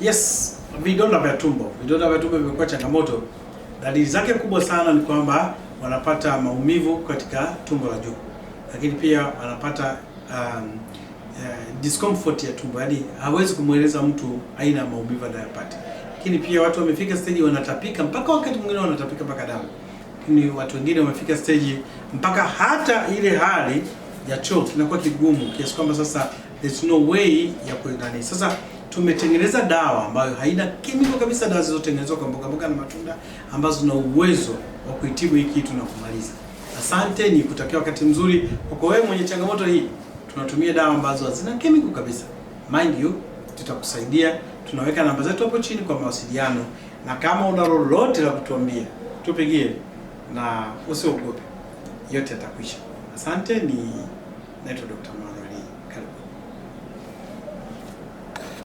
Yes, vidonda vya tumbo. Vidonda vya tumbo vimekuwa changamoto. Dalili zake kubwa sana ni kwamba wanapata maumivu katika tumbo la juu, lakini pia wanapata um, uh, discomfort ya tumbo, yaani hawezi kumweleza mtu aina ya maumivu anayopata. Lakini pia watu wamefika stage wanatapika, mpaka wakati mwingine wanatapika mpaka damu. Lakini watu wengine wamefika stage mpaka hata ile hali ya choo kinakuwa kigumu kiasi kwamba sasa there's no way ya kuendani sasa tumetengeneza dawa ambayo haina kemiko kabisa, dawa zilizotengenezwa kwa mboga mboga na matunda ambazo zina uwezo wa kuitibu hii kitu na kumaliza. Asante, ni kutakia wakati mzuri kwako wewe mwenye changamoto hii. Tunatumia dawa ambazo hazina kemiko kabisa. Mind you, tutakusaidia. Tunaweka namba zetu hapo chini kwa mawasiliano, na kama una lolote la kutuambia tupigie, na usiogope, yote yatakwisha. Asante, ni naitwa Dr. Manuel.